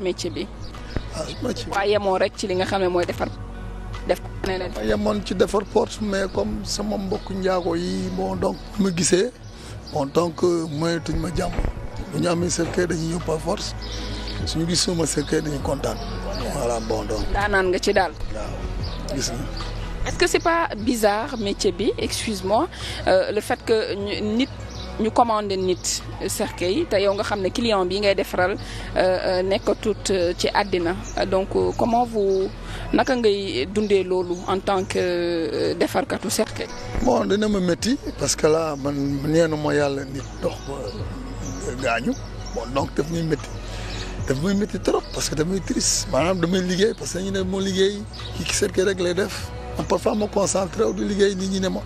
métier bi. ah métier bi rek ci li nga xam ne mooy defar. def neneen ah, ma yemoon ci defar porte mais comme sama mbokk njaago yi bon donc ma gisee bon donc euh, moyetuñ ma jàmm bu ñu amee cercueil dañuy yóbbu par force suñu gis suma cercueil dañuy kontaan voilà bon donc. daanaan nga ci daal. waaw gis nga. est-ce que c'est pas bizarre métier bi excuse euh, le fait que nit. ñu commandé nit cercueil yi te yow nga xam ne client bi ngay defaral euh, euh, nekkatut euh, ci àddina donc comment vous naka ngay dundee loolu en tant que defarkatu cercueil. bon dina ma métti parce que là man neenu ma yàlla nit dox ba gaañu bon donc daf may métti trop parce que damay triste maanaam damay liggéey parce que ñu ne moo liggéey kii cercueil rek lay def. am parfois ma concentré wu di liggéey nit ñi ne ma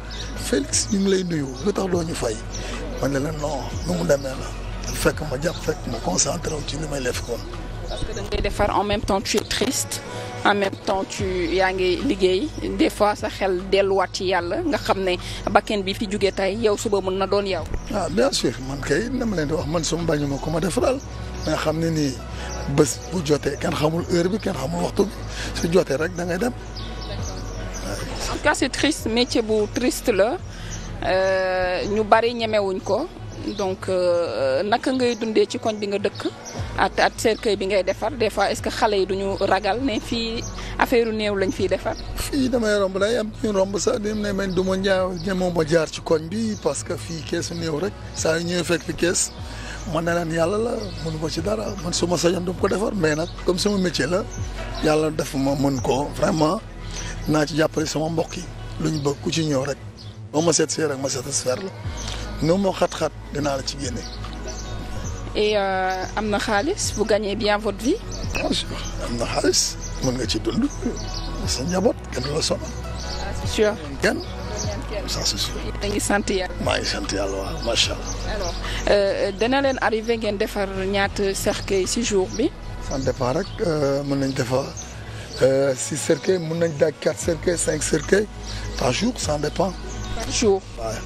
Félix ñu ngi lay nuyu lu tax doo ñu fay ma ne leen non mu demee la fekk ma jàpp fekk ma concentré wu ci li may def quoi. parce da ngay defar en même temps tu es en même yaa ngi liggéey des fois sa xel delluwaat ci yàlla nga xam ne bakken bi fi jógee tey yow suba mën na doon yow. ah bien sûr man kay na ma leen di wax man suma bañu ma ko ma defaral nga xam ne nii bés bu jotee kenn xamul heure bi kenn xamul waxtu bi su jotee rek dangay ngay dem. en tout cas métier bu triste la. Euh, ñu bari ñemewuñ ko donc euh, naka ngay dundee ci koñ bi nga dëkk at at cercueil bi ngay defar des fois est-ce que xale yi duñu ragal ne fii affaire néew lañ fiy defar. fii damay romb day am ñu romb sax di ne du ma ñaaw ñemoo ma jaar ci koñ bi parce que fii keesu néew rek saa yu ñëwee fekk fi kees man na leen yàlla la mënu ma ci dara man su ma sañoon du ma ko defar mais nag comme sama métier la yàlla def ma mën ko vraiment naa ci jàppale sama mbokk yi lu ñu bëgg ku ci ñëw rek. boo ma seet see rek ma satisfaire la noo moo xat-xat dinaa la ci génne. Euh, am na xaalis vous gagnez bien na nga ci dund sa njaboot kenn du la sonal. ngi sant yàlla. maa sant yàlla waaw macha allah. alors euh, leen arrivé ngeen defar ñaata cercueil ci jour bi. ça dépend rek euh, mën nañ defar six cercueils mën nañ daaj quatre cercueils cinq cercueils par jour ça dépend. Par jour ouais.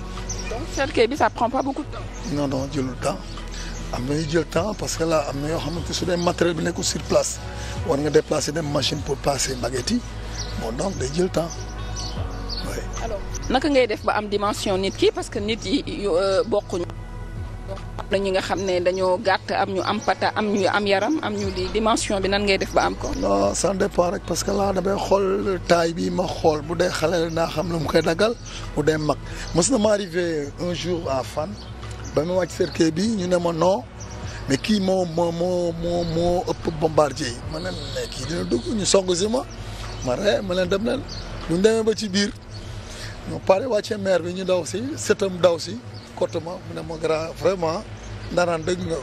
donc cercueil bi ça prend pas beaucoup de temps. jëlul temps am na ñuy jël temps parce que la am na yoo xamante su dee matériel bi nekkul sur place war nga déplacer dem machine pour passer baguette yi donc day jël temps oui. alors naka ngay def ba am dimension nit ki parce que nit yi euh, bokkuñu. am na ñi nga xam ne dañoo gàtt am ñu am pata am ñu am yaram am ñu di dimension bi nan ngay def ba am ko. non ça dépend rek parce que laa damay xool taille bii ma xool bu dee xale la naa xam lu mu koy daggal bu dee mag mos na ma arrivé un jour à Fann ba ma wàcc bi ñu ne ma non kii moo moo moo moo moo ëpp bombardier yi ma ne dugg ñu song si ma ma ree ma leen dem leen bu ñu ba ci biir ñu pare wàcce maire bi ñu daw si sëtam daw si. kott ma mu ne ma grand vraiment ndaanaan dëgg nga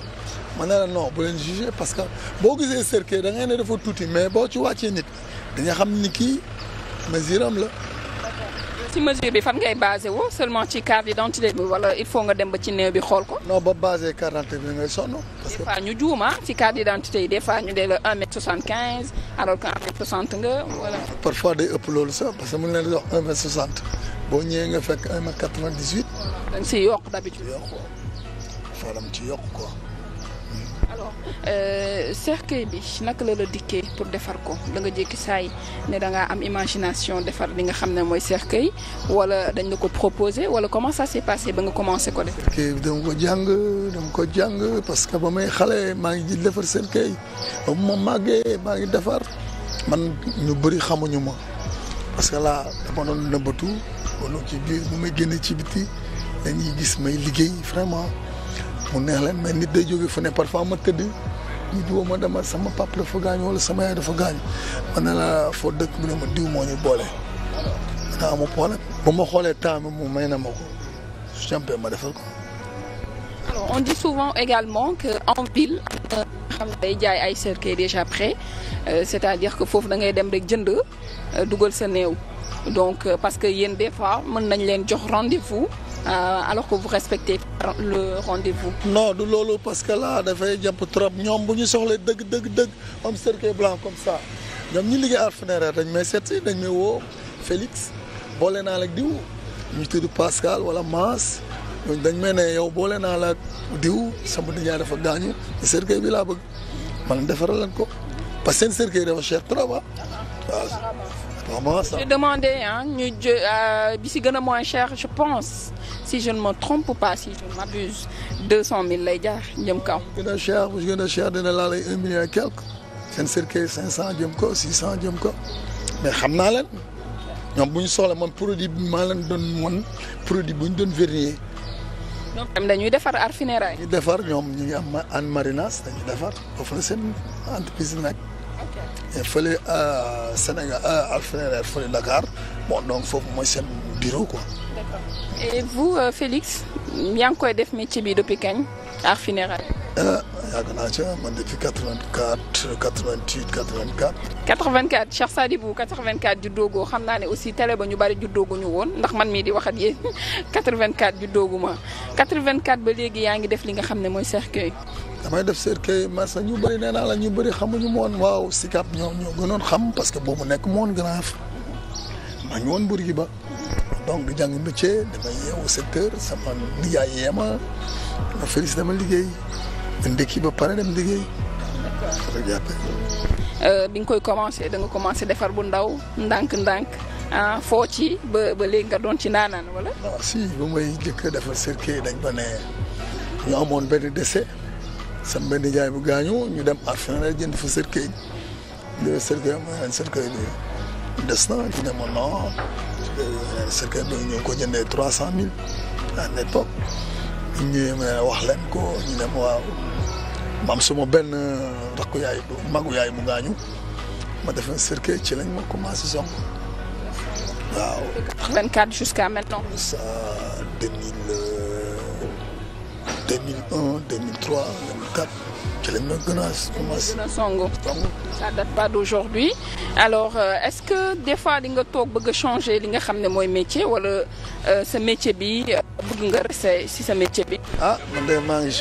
ma na la non bu leen jugé parce que boo gisee cercle da ngay ne dafa tuuti mais boo ci wàccee nit dañuy xam ni kii mesure am la. ci mesure bi fan ngay basé wu seulement ci carte d'identité bi wala il faut nga dem ba ci néew bi xool ko. non ba basé carte d'identité ngay sonn. parce que des fois ñu ah, ci carte d'identité yi des fois ñu dee la un mètre soixante quinze alors que nga wala. parfois day ëpp loolu sax parce que mën leen di wax un mètre soixante. boo ñëwee nga fekk un mètre quatre-vingt-dix-huit. da nga siy yokk d'habitude. yokk waaw ci yokk ko alors euh, cercueil bi naka la la dikkee pour defar ko da nga jékki saay ne da ngaa am imagination defar li nga xam ne mooy cercueil wala dañ la ko proposé wala comment ça s'est passé ba nga commencé ko def. cercueil bi ko jàng dama ko jàng parce que ba may xale maa ngi ji defar cercueil ba ma màggee maa ngi defar man ñu bëri xamuñu ma parce que là dama doon nëbbatu. loolu ci biir mu may génne ci biti dañuy gis may liggéey vraiment mu neex leen mais nit day jogee fu ne parfois ma tëdd ñu diwoo ma dama sama papa dafa gaañu wala sama yaay dafa gaañu man ne la foo dëkk bi ne ma diw moo ñu boole naa amul problème bu ma xoolee temps bi mu may na ma ko su jàmpee ma defal ko. on dit souvent également que en xam day jaay ay cercueil déjà prêt euh, c'est-à-dire que foofu da ngay dem rek jënd euh, dugal sa néew donc euh, parce que yéen des fois mën nañ leen jox rendez-vous alors que vous respectez le rendez non du loolu parce que là dafay jàpp trop ñoom bu ñu soxlee dëgg dëgg dëgg am cercueil blanc comme ça ñoom ñi liggéey art funéraire dañ may seet si dañ may woo Félix boole naa diw ñu tudd Pascal wala Mass ñooñu dañ may ne yow boole naa la diw sama nijaay dafa gaañu da cercueil bi laa bëgg man defaral leen ko parce que seen cercueil dafa cher trop a ah. vraiment ça. j'ai euh, bi si gën a moins cher je pense si je ne me trompe pas si je lay jaar jëm kaw. gën a cher bu cinq cent jëm ko six cent jëm ko mais xam naa leen ñoom bu ñu soxla ma produit maa leen doon wan produit bu ñu doon vernier. ñoom tam dañuy defar ar funérailles. ñu defar ñoom ñu ngi am an marinas dañuy defar foofu la seen entreprise nag. ok fële euh, Sénégal euh, ar funérailles fële Dakar bon donc foofu mooy seen bureau quoi. d'accord et euh, Félix yaa ngi koy def métier bi depuis kañ ar funérailles. yàgg naa ca man depuis 84 88 84. 84 Cheikh Sadibou 84 juddoogoo xam naa ne aussi télé ba ñu bari juddooguñu woon ndax man mii di wax ak yéen 84 juddooguma 84 ba léegi yaa ngi def li nga xam ne mooy cercueil. damay def cercueil Massa ñu bëri nee naa la ñu bëri xamuñu moon waaw si ñoo ñoo gënoon xam parce que boobu nekk moon grand maa ngi woon bur gi ba. Mm. donc di jàng métier damay yeewu secteur sama liggéey yeema ma félicité ma liggéey. ndekki ba pare dem liggéey. Euh, bi nga koy commencé da nga commencé defar bu ndaw ndànk-ndànk ah foo ci ba ba léegi nga doon ci naanaan wala. non si bu may jëkk defar circuit dañ ba ne ñu amoon benn décès sam benn jaay bu gaañu ñu dem Arsenal jënd fa circuit bi circuit am euh, na circuit bi des na ñu ne euh, bi ñu ko jëndee trois cent mille à l'époque ñu ñëwee wax leen ko ñu dem waaw. ma am suma benn euh, rakku yaay magu yaay mu gaañu ma def un cercueil ci lañ ma commencé song waaw. 24 jusqu'à maintenant. ça 2000 2001 2003 2004 ci lañ ma gën a commencé. gën a song. ça alors euh, est-ce que des fois di nga toog bëgg a changer li nga xam ne mooy métier wala euh, sa métier bi bëgg nga rester ci sa métier bi. ah man de maa ngi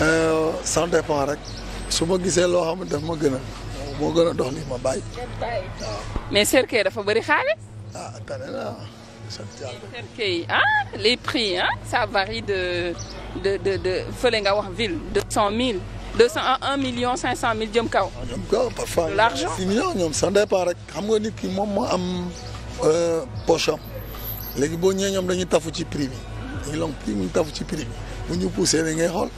Euh, ça dépend rek su ma gisee loo xam ne daf ma gën a moo gën a dox lii ma bàyyi mais cercueil dafa bëri xaalis. ah tane na sant yàlla. cercueil ah, les prix ah ça varie de de de de fële nga wax ville deux cent mille deux cent un million cinq cent mille jëm kaw. Ah, jëm kaw parfois. de l'argent si ñoom ça dépend rek xam nga nit ki moom moo am euh, poche am léegi boo ñëwee ñoom dañuy tafu ci prix bi dañuy long prix mu tafu ci prix bi bu ñu poussé li ngay xool.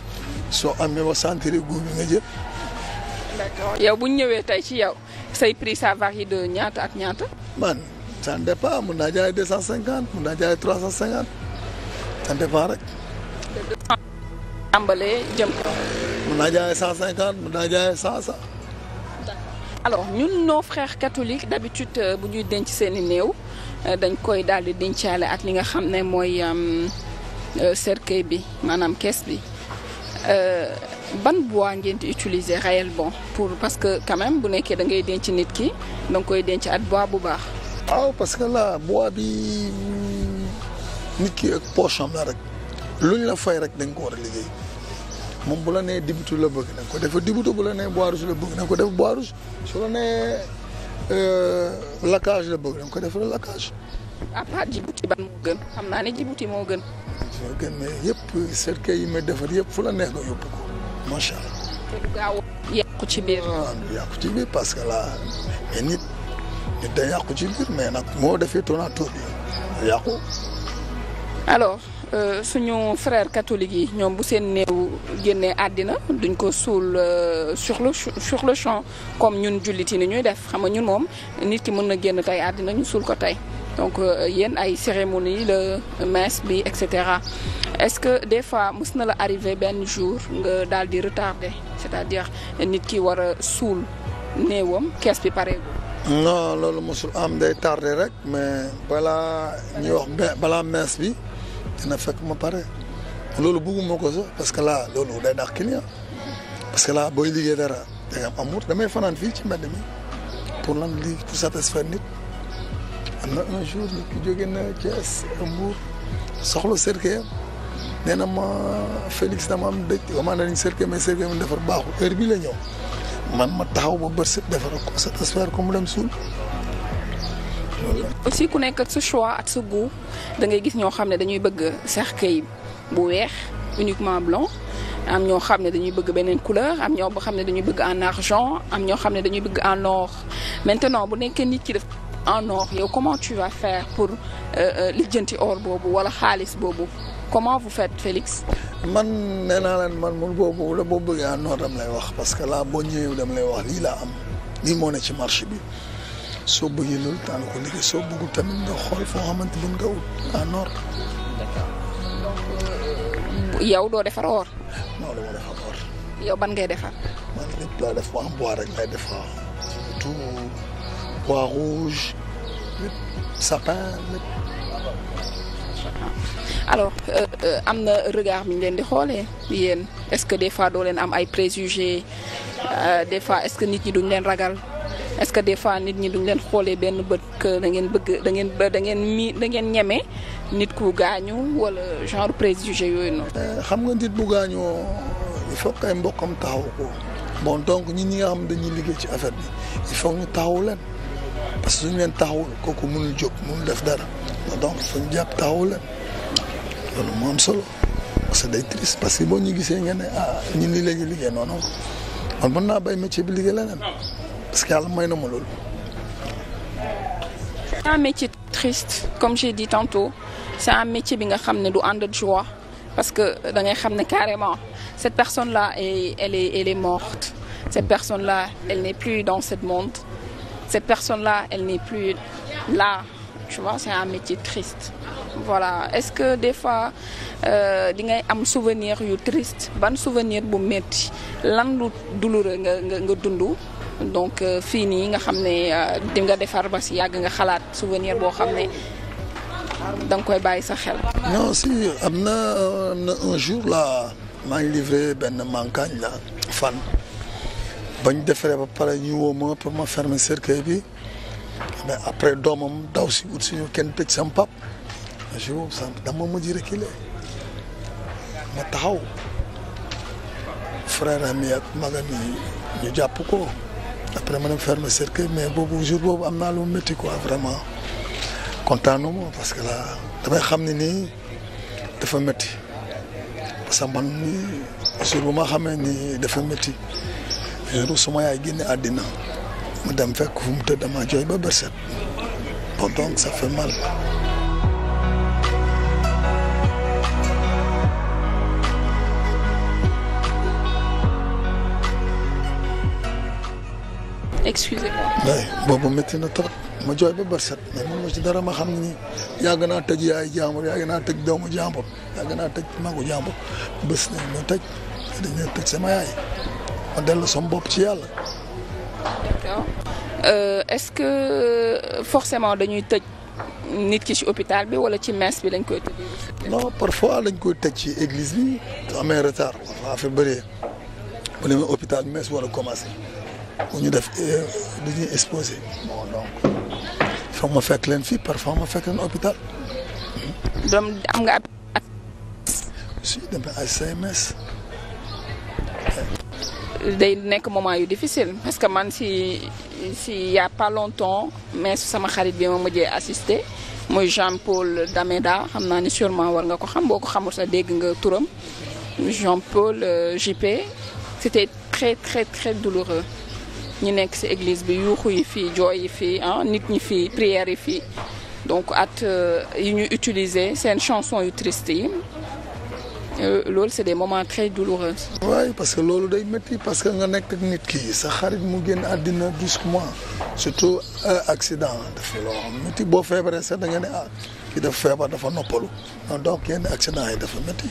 soo amee ba sentir goût bi nga jël. d'accord yow ñëwee tey ci yow say prix ça varie de ñaata ak ñaata. man ça dépend mun naa jaay deux cent cinquante mun rek. tàmbalee jëm kaw. mun naa jaay cent cinquante mun naa jaay cent cent. alors ñun nos frères catholiques d'habitude euh, bu ñuy denc seeni néew euh, dañ koy daal di dencaale ak li nga xam ne mooy euh, cercueil bi maanaam kees bi. Euh, ban bois ngeen di utiliser réellement pour parce que quand même bu nekkee da ngay denc nit ki da nga koy denc at bois bu baax. waaw ah, parce que là bois bi nit ki ak poche am la rek luñ la fay rek da nga ko war a liggéey moom la nee def dibutu bu la nee bois rouge la bëgg da nga ko def bois rouge su la nee euh, laquage la bëgg da nga def la laquage. à part Djibouti ban moo gën xam naa ne Djibouti moo gën. soo génnee yëpp cercueil yi may defar yëpp fu la neex nga yóbbu ko macha allah. yàqu ci biir. waaw ah, parce que là mais nit nit da yàqu ci biir mais nag moo defee tonatóor bi yàqu. alors euh, suñu frère catholique yi ñoom bu seen néew génnee àddina duñ ko suul euh, sur le sur le champ comme ñun jullit yi ni ñuy def xam nga ñun moom nit ki mën na génn tey àddina ñu suul ko tey. donc euh, yéen ay cérémonie la messe bi et cetera est-ce que des fois mës na la arrivé benn jour nga daal di retardé c'est-à-dire nit ki war a suul néewam kees bi pare non loolu mosul am day tardé rek mais balaa ñuy wax balaa messe bi dina fekk ma pare loolu bugguma ko sax parce que là loolu day dàq parce que là booy liggéey dara da nga damay fanaan fii ci mbedd mi pour lan lii pour satisfaire nit. am na un jour nit ki soxla cercueil nee ma Félix dama am dëj commandé nañ cercueil mais cercueil mu defar baaxul heure bii la ñëw man ma taxaw ba bër defar ko ko mu dem suul ku nekk ak sa choix ak sa da ngay gis ñoo xam ne dañuy bëgg cercueil bu weex uniquement blanc am ñoo xam ne dañuy bëgg beneen couleur am ñoo xam ne dañuy bëgg en argent am ñoo xam ne dañuy bëgg en or maintenant bu nekkee nit ki def en or yow comment tu vas faire pour euh, euh, lijjanti or boobu wala xaalis boobu comment vous faites Félix. man nee naa leen man mun boobu la boo bëggee en or dam lay wax parce que là boo ñëwee dam lay wax lii laa am lii moo ne ci marché bi soo bëggee loolu tànn ko liggéey soo bëggul tamit nga xool foo xamante ni nga ut en or. yow doo defar or. non dama defar or. yow ban ngay defar. man lépp laa def bu am bois rek lay defar surtout bois rouge lépp sapin lépp. alors euh, euh, am na regard bi ñu leen di xoolee yéen est-ce que des fois doo leen am ay préjugés euh, des fois est-ce que nit ñi duñ leen ragal est-ce que des fois nit ñi duñ leen xoolee benn bët que da ngeen bëgg dangeen ngeen da ngeen mi da ngeen ñeme nit ku gaañu walla genre préjugé yooyu noonu. xam nga nit bu gaañoo il faut que ay mbokkam taxaw ko bon donc ñun ñi nga xam dañuy liggéey ci affaire bi il faut ñu taxaw leen. parce suñ leen taxawul kooku mënul jóg mënul def dara donc fañ jàpp taxawu leen loolu moo solo parce que day triste parce que boo ñu gisee ngeen ne ah ñun mën naa béy métier bi parce que yàlla na ma loolu. c'est un métier triste comme j'ai dit tantôt c'est un métier bi nga xam ne du ànd ak joie parce que da ngay xam ne carrément cette personne là elle est elle est elle est morte cette personne là elle n'est plus dans ce monde. cette personne la elle n'est plus là. Tu vois, c'est un métier triste. Voilà. Est-ce que des fois, euh, di ngay am souvenir yu triste ban souvenir bu métti lan lu douloureux nga nga dundu donc euh, fii nii nga xam ne euh, di nga defar ba si yàgg nga xalaat souvenir boo xam ne da koy bàyyi sa xel. non si am na un jour là maa ngi livré benn mancagne là fan. bañ defaree ba pare ñu woo ma pour ma fermer cercueil bi mais après doomam daw si ut suñu kenn tëj sam pap je boobu oh, sam dama mujj reculer ma taxaw frère ami ak magam ñu jàpp ko après ma dem fermer cercueil mais boobu jour boobu am naa lu ko quoi vraiment kontaanuma parce que là damay xam ne nii dafa métti parce que man jour bu ma xamee ni dafa métti heure suma yaay génne àddina mu dem fekk fu mu tëdd dama jooy ba bërset bon donc ça fait mal. excusez-moi. oui boobu métti na trop ma jooy ba bërset mais man ma ci dara ma xam ni yàgg naa tëj yaay jàmbur yàgg naa tëj doomu jàmbur yàgg naa tëj magu jàmbur bés nañ ma tëj dañ leen tëj sama yaay. ma dellu sama bopp ci yàlla. d'accord euh, est-ce que euh, forcément dañuy tëj nit ki ci hôpital bi wala ci messe bi lañ koy tëj. non parfois lañ koy tëj ci église bi te amee retard wala affaire bëree bu demee hôpital messe war a commencé bu ñu def dañuy euh, exposé bon donc foog ma fekk leen fii parfois ma fekk leen hôpital. doom am nga ab. day nekk moment yu difficile parce que man si si y a pas longtemps mais sama xarit bi ma mujjee assisté muy Jean Paul Dameda xam naa ni sûrement war nga ko xam boo ko xamul sa dégg nga turam Jean Paul euh, JP c'était très très douloureux ñu nekk si église bi yuuxu yi fii jooy yi fii ah nit ñi fii prières yi fii donc at euh, yi ñu utiliser seen chanson yu triste yi loolu c'est des moments très douloureux. waaye parce que loolu day métti parce que nga nekk nit kii sa xarit mu génn àddina brusquement surtout euh, accident dafa loo xam métti boo feebaree sax da nga ne ah ki dafa feebar dafa noppalu donc yenn accident yi dafa métti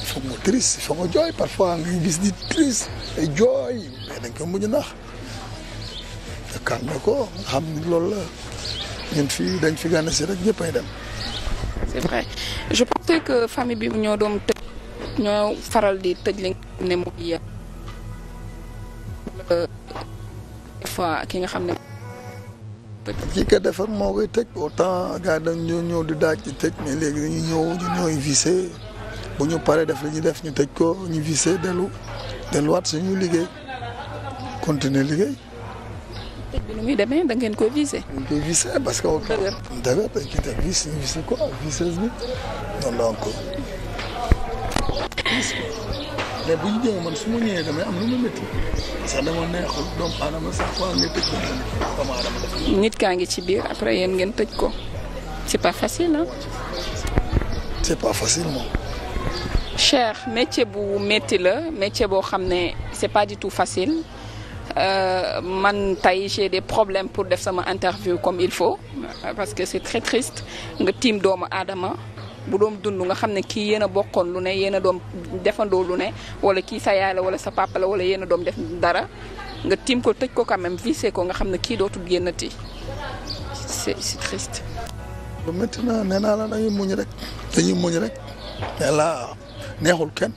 il faut mu triste il faut nga jooy parfois nga gis di triste ay jooy mais dañ ko mujj ndax te calme ko nga xam ni loolu la ñun fii dañ fi gànna si rek ñëppay dem. c'est vrai je pensais que famille bi ñoo doon ñoo faral di tëj li ne mooy euh, des fois ki nga xam ne. ki ko defar moo koy tëj autant gars dañ ñëw di daaj di tëj mais léegi dañu ñëw ñu ñooy visé bu ñu paree def li ñu def ñu tëj ko ñu visé dellu delluwaat suñu liggéey continuer liggéey. tëj bi nu muy demee da ngeen koy visé. dañ koy visé parce que. dëgër dëgër dañ koy teg visé ko ak viseuse bi noonu la encore. diis nit kaa ngi ci biir après yéen ngeen tëj ko c'est pas facile ah. c'est pas facile moom. cher métier bu métti la métier boo xam ne c'est pas du tout facile euh, man tey j'ai de problème pour def sama interview comme il faut parce que c'est très triste nga tiim doomu aadama. bu doom dund nga xam ne kii yéen a bokkoon lu ne yéen a doom defandoo lu ne wala kii sa yaay la wala sa papa la wala yéen a doom def dara nga tiim ko tëj ko quand même vissé ko nga xam ne kii dootul génnati c'est c'est triste. ba maintenant nee naa la dañuy muñ rek dañuy muñ rek yàlla neexul kenn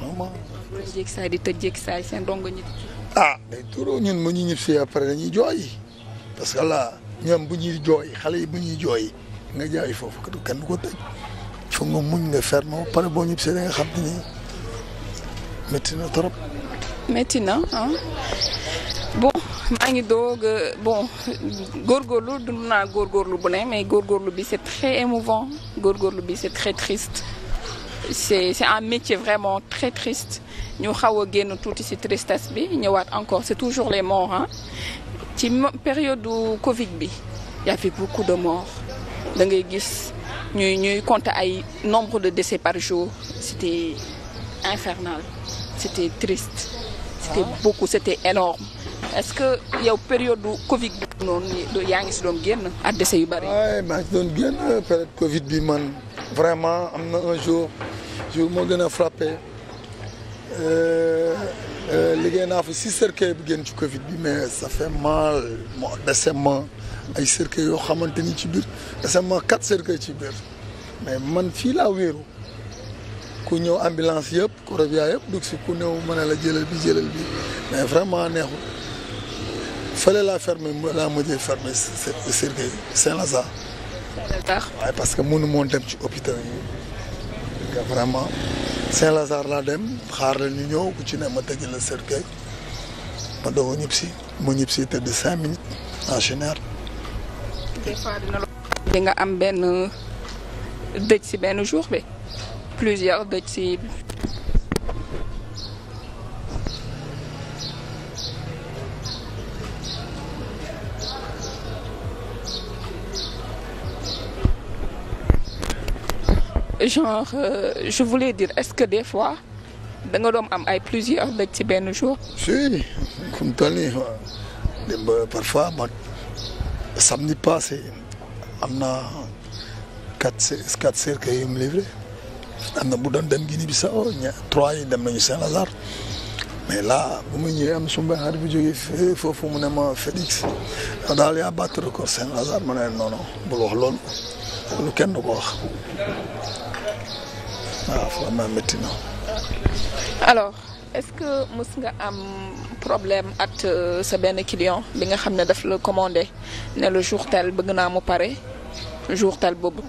vraiment. jéeg di tëj jéeg saay seen rongo ñi. ah day ñu ñib si après dañuy jooy parce que là ñoom bu ñuy jooy xale yi bu ñuy jooy. nga jaay foofu kenn du ko tëj foog nga muñ nga ferme pare boo ñib see da xam ne nii métti na trop. métti na ah bon maa ngi doog bon góorgóorlu dund naa góorgóorlu bu ne mais góorgóorlu bi c'est très émouvant góorgóorlu bi c'est très triste. c'est c'est un métier vraiment très triste ñu xaw a génn tuuti ci tristesse bi ñëwaat encore c'est toujours les morts ci période du Covid bi y avait beaucoup de morts da ngay gis ñuy ñuy compter ay nombre de décès par jour c'était infernal c'était triste c'était ah. beaucoup c'était énorme est-ce que yow période du Covid bi noonu yaa ngi si doon génn ak décès yu bëri. waaye maa ngi génn période Covid bi man vraiment am na un jour jour moo gën a frappé. Euh, Euh, liggéey naa fi si cercueil bi génn ci Covid bi mais ça fait mal moo dese ay cercueil yoo xamante ni ci biir dese ma quatre cercueil ci biir mais man fii laa wéeru ku ñëw ambulance yëpp ku rabia yëpp dugg si ku ñëw mën la jëlal bi jëlal bi mais vraiment neexul fële laa fermé laa mujjee fermé cercueil Saint-Lazare. waaye parce que mënu moon dem ci hôpital yi nga vraiment. Saint-Lazare laa dem xaar la ñu ñëw ku ci ne ma tëgg la cercueil ma doog a ñib si mu ñib si tëdd cinq minutes en général. des di nga am benn dëj si benn jour bi plusieurs dëj si. genre euh, je voulais ce que des fois da nga doon am ay plusieurs dëj ci benn jour. si fu mu ni nii parfois samedi passé am na quatre quatre cercueils yu mu livré am na bu doon dem Guinée-Bissau ña trois yi dem nañu Saint-Lazare mais la bu ma ñëwee am suma xarit bu jógee foofu mu ne ma Félix daal yaa battre record Saint-Lazare ma ne non bul wax loolu lu kenn du ko wax. waaw vraiment métti na. alors est-ce que mës nga am problème at euh, sa benn client bi nga xam ne daf la commandé ne le jour tel bëgg naa mu pare jour tel boobu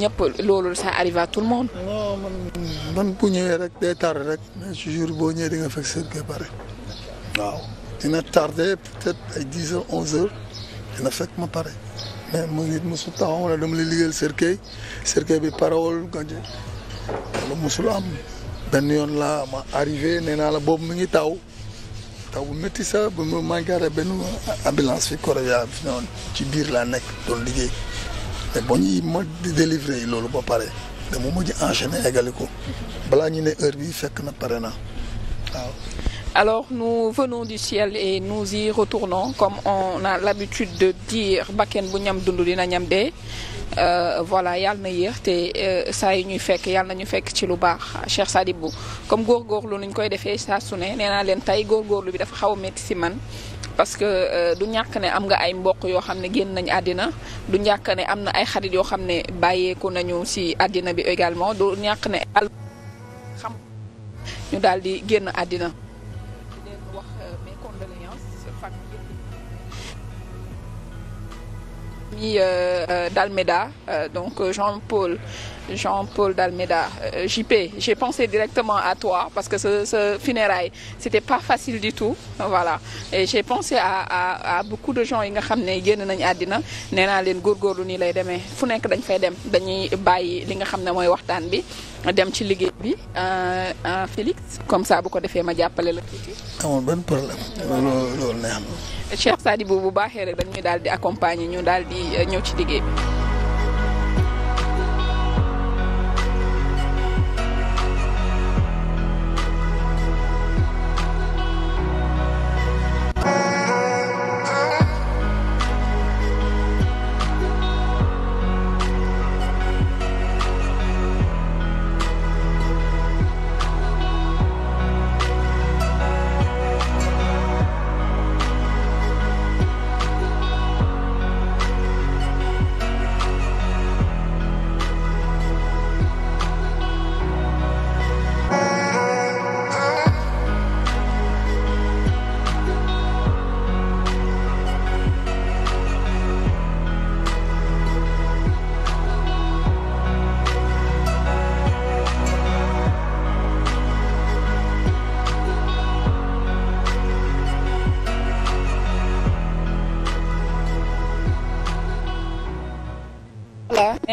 ñëpp loolu ça arrive à tout le monde. non man bu ñëwee rek day tardé rek mais jour boo ñëwee di nga fekk seen ba pare waaw dina tardé peut ay dix heures onze heures dina fekk ma pare mais mu nit mosu taxaw wala dama lay liggéeyal cercueil cercueil bi parewul gàncax. loolu mosul am benn yoon laa ma arrivé nee naa la boobu mu ngi taw taw bu metti sax ba ma maa garé benn ambulance fi Correa fi noonu ci biir laa nekk doon liggéey te ba ñuy ma délivré yi loolu ba pare dama mujj enchaîné eggali ko balaa ñu ne heure bi fekk na pare na waaw. Alors nous venons du ciel et nous y retournons comme on a l'habitude de dire bakken bu ñam dund dina ñam dee. Euh, voilà yàlla na yéex te euh, saa yi ñuy fekk yàlla nañu fekk ci lu baax Cheikh Sadibou comme góorgóorlu nuñ koy defee saa su ne nee naa leen tey góorgóorlu bi dafa xaw a métti si man. parce que euh, du ñàkk ne am nga ay mbokk yoo xam ne génn nañ àddina du ñàkk ne am na ay xarit yoo xam ne bàyyeeku nañu si àddina bi également du ñàkk ne al xam ñu daal di génn àddina. famille euh, euh, d'Almeda, euh, donc Jean-Paul, Jean-Paul d'Almeda, JP. J'ai pensé directement à toi parce que ce, ce funérail, c'était pas facile du tout. Voilà. Et j'ai pensé à, à, à, beaucoup de gens qui ont été génn nañ àddina nee naa leen góorgóorlu nii lay demee fu nekk dañ fay dem dañuy bàyyi li nga xam ne mooy waxtaan bi dem ci liggéey bi Félix comme ça bu ko defee ma jàppale la tuuti. amul benn problème loolu loolu neex Cheikh Sadibou bu baaxee rek dañuy daal di accompagner ñu daal di eh, ñëw ci liggéey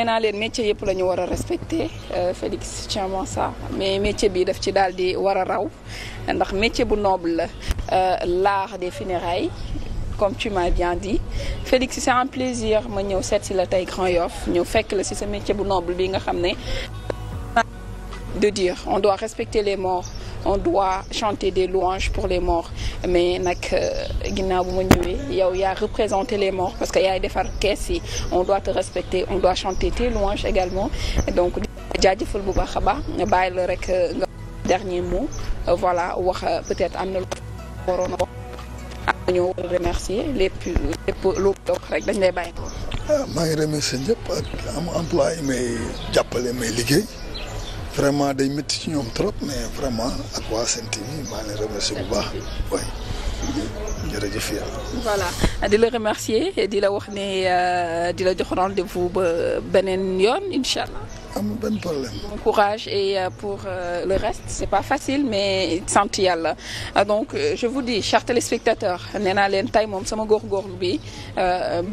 nee naa leen métier yëpp la ñu war a respecté euh, Félix Thiam Moussa mais métier bi daf ci daal di war a raw ndax métier bu noble la euh, l'art des funérailles comme tu m'as bien dit Félix c'est un plaisir ma ñëw seet si la tey Grand Yoff ñëw fekk la si sa métier bu noble bi nga xam ne de dire on doit respecter les morts on doit chanter des louanges pour les morts mais nag euh, ginnaaw bu ma ñëwee yow yaa représenté les morts parce que yaay defar kees yi on doit te respecter on doit chanter tes louanges également donc jaajëfal bu baax a baax nga bàyyi la rek euh, nga dernier mot euh, voilà wax peut-être am na lu waroon wax am nañoo war a remercier lépp lépp lu rek dañ lay bàyyi. Ah, maa ngi remercier am employé may jàppale may liggéey. vraiment day métti ci ñoom trop mais vraiment ak waa Sen TV maa ngi remercier bu baax waay jërëjëf yàlla. voilà di la remercier di la wax ne euh, di la jox rendez-vous ba beneen yoon incha allah. amul benn problème. bon courage et euh, pour euh, le reste c'est pas facile mais sant yàlla euh, donc je vous dis chers téléspectateurs naa leen tey moom sama góorgóorlu bi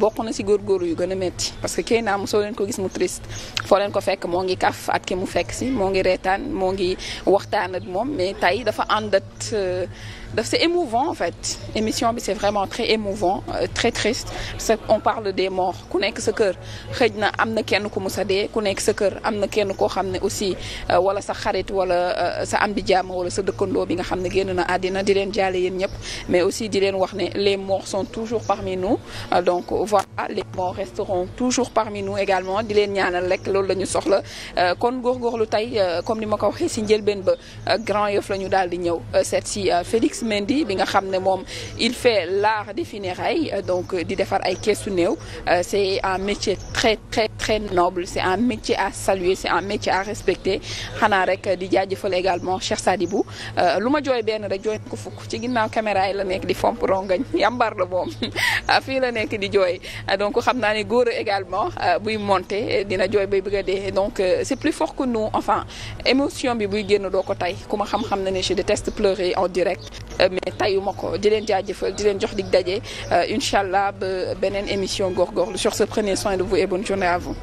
bokk na ci góorgóorlu yu gën a métti parce que kii naa mosoo leen ko gis mu triste foo leen ko fekk moo ngi kaf at ki mu fekk si moo ngi reetaan moo ngi waxtaan ak moom mais tey dafa ànd c'est émouvant en fait émission bi c'est vraiment très émouvant euh, très triste parce qu'on parle des morts ku nekk sa kër xëj na am na kenn ku musa dee ku nekk sa kër am na kenn koo xam ne aussi euh, wala sa xarit wala euh, sa am di jàmm wala sa dëkkandoo bi nga xam ne génn na àddina di leen jaale yéen ñëpp mais aussi di leen wax ne les morts son toujours parmi nous donc voilà les morts resteront toujours parmi nous également di leen ñaanal rek loolu la ñu soxla kon góorgóorlu tey comme ni ma ko waxee si njëlbeen ba Grand Yoff la ñu daal di ñëw seet Félix Mendy bi nga xam ne moom il fait l'art des funérailles euh, donc euh, di defar ay keesu néew euh, c'est un métier très très très noble c'est un métier à saluer c'est un métier à respecter xanaa rek di jaaj jaajëfal également Cheikh Sadibou lu ma jooy benn rek jooy ko fukk ci ginnaaw caméra yi la nekk di fomp rongañ yambar la moom ah, fii la nekk di jooy ah, donc xam naa ne góor également buy monter dina jooy bay bëgg a dee donc c'est plus fort que nous enfin émotion bi buy génn doo ko tey ku ma xam-xam na ne je déteste pleurer en Euh, mais tayuma ko di leen jaajëfal di leen jox dig daje euh, incha allah ba beneen émission góorgóorlu sur ce prenez soin de vous et bonne à vous.